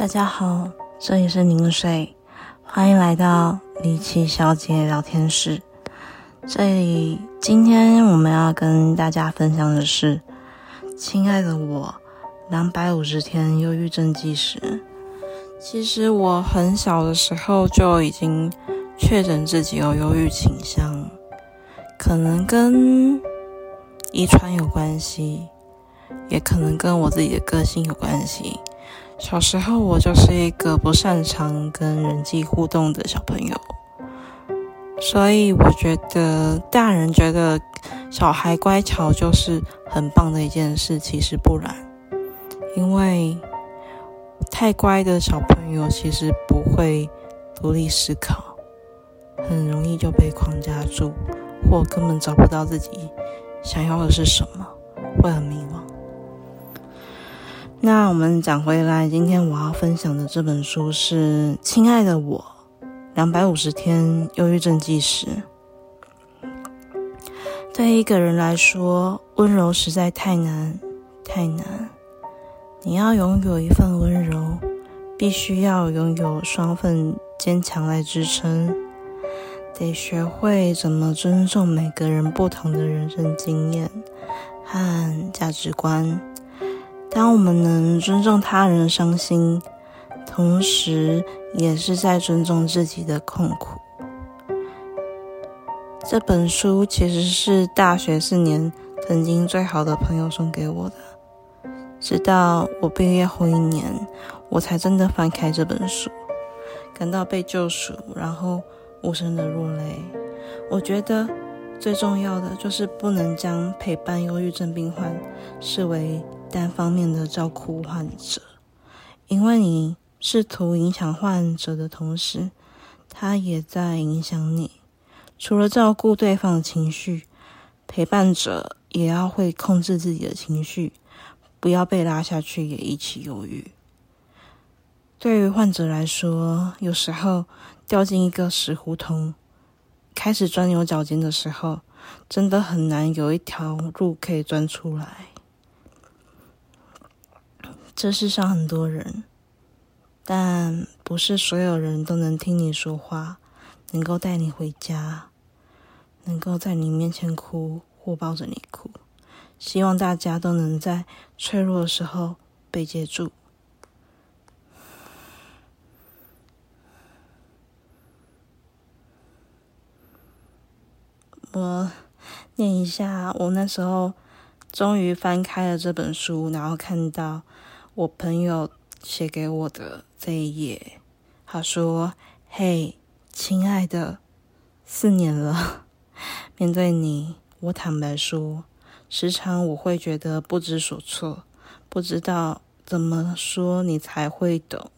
大家好，這裡是凝水，歡迎來到李琦小姐聊天室。這裡今天我們要跟大家分享的是，親愛的我，兩百五十天憂鬱症計時。其實我很小的時候就已經確診自己有憂鬱傾向，可能跟遺傳有關係，也可能跟我自己的個性有關係。小時候我就是一個不擅長跟人際互動的小朋友，所以我覺得大人覺得小孩乖巧就是很棒的一件事，其實不然，因為太乖的小朋友其實不會獨立思考，很容易就被框架住，或根本找不到自己想要的是什麼，會很迷茫。那我們講回來，今天我要分享的這本書是《親愛的我》，兩百五十天憂鬱症紀實。對一個人來說，溫柔實在太難，太難。你要擁有一份溫柔，必須要擁有雙份堅強來支撐。得學會怎麼尊重每個人不同的人生經驗和價值觀。當我們能尊重他人的傷心，同時也是在尊重自己的痛苦。這本書其實是大學四年曾經最好的朋友送給我的，直到我畢業後一年，我才真的翻開這本書，感到被救贖，然後無聲的落淚。我覺得最重要的就是不能將陪伴憂鬱症病患視為。單方面的照顧患者，因為你試圖影響患者的同時，他也在影響你。除了照顧對方的情緒，陪伴者也要會控制自己的情緒，不要被拉下去，也一起憂鬱。對於患者來說，有時候掉進一個死胡同，開始鑽牛角尖的時候，真的很難有一條路可以鑽出來。這世上很多人，但不是所有人都能聽你說話，能夠帶你回家，能夠在你面前哭，或抱着你哭。希望大家都能在脆弱的時候被接住。我念一下，我那時候終於翻開了這本書，然後看到。我朋友寫給我的這一頁，他說：“嘿，親愛的，四年了。面對你，我坦白說，時常我會覺得不知所措，不知道怎麼說你才會懂。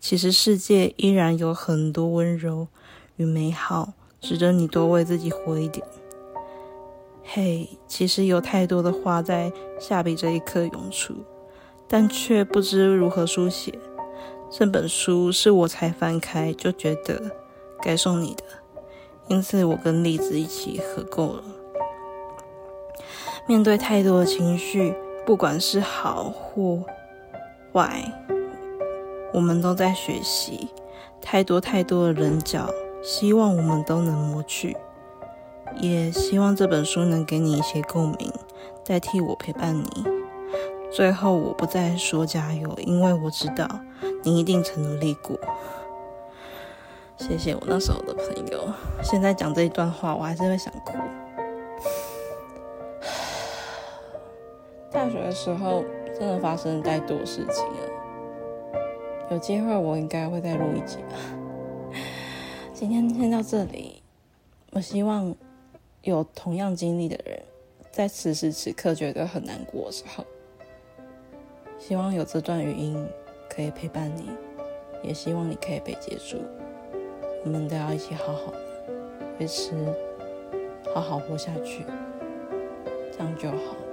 其實世界依然有很多溫柔與美好，值得你多為自己活一點。嘿，其實有太多的話在下筆這一刻湧出。”但卻不知如何書寫。這本書是我才翻開，就覺得該送你的，因此我跟栗子一起合購了。面對太多的情緒，不管是好或壞，我們都在學習。太多太多的稜角，希望我們都能磨去，也希望這本書能給你一些共鳴，代替我陪伴你。最後，我不再說加油，因為我知道你一定曾努力過。謝謝我那時候的朋友。現在講這一段話，我還是會想哭。大學的時候真的發生太多事情了。有機會，我應該會再錄一集吧。今天先到這裡。我希望有同樣經歷的人，在此時此刻覺得很難過的時候。希望有這段語音可以陪伴你，也希望你可以被接住。我們都要一起好好的維持，好好活下去，這樣就好。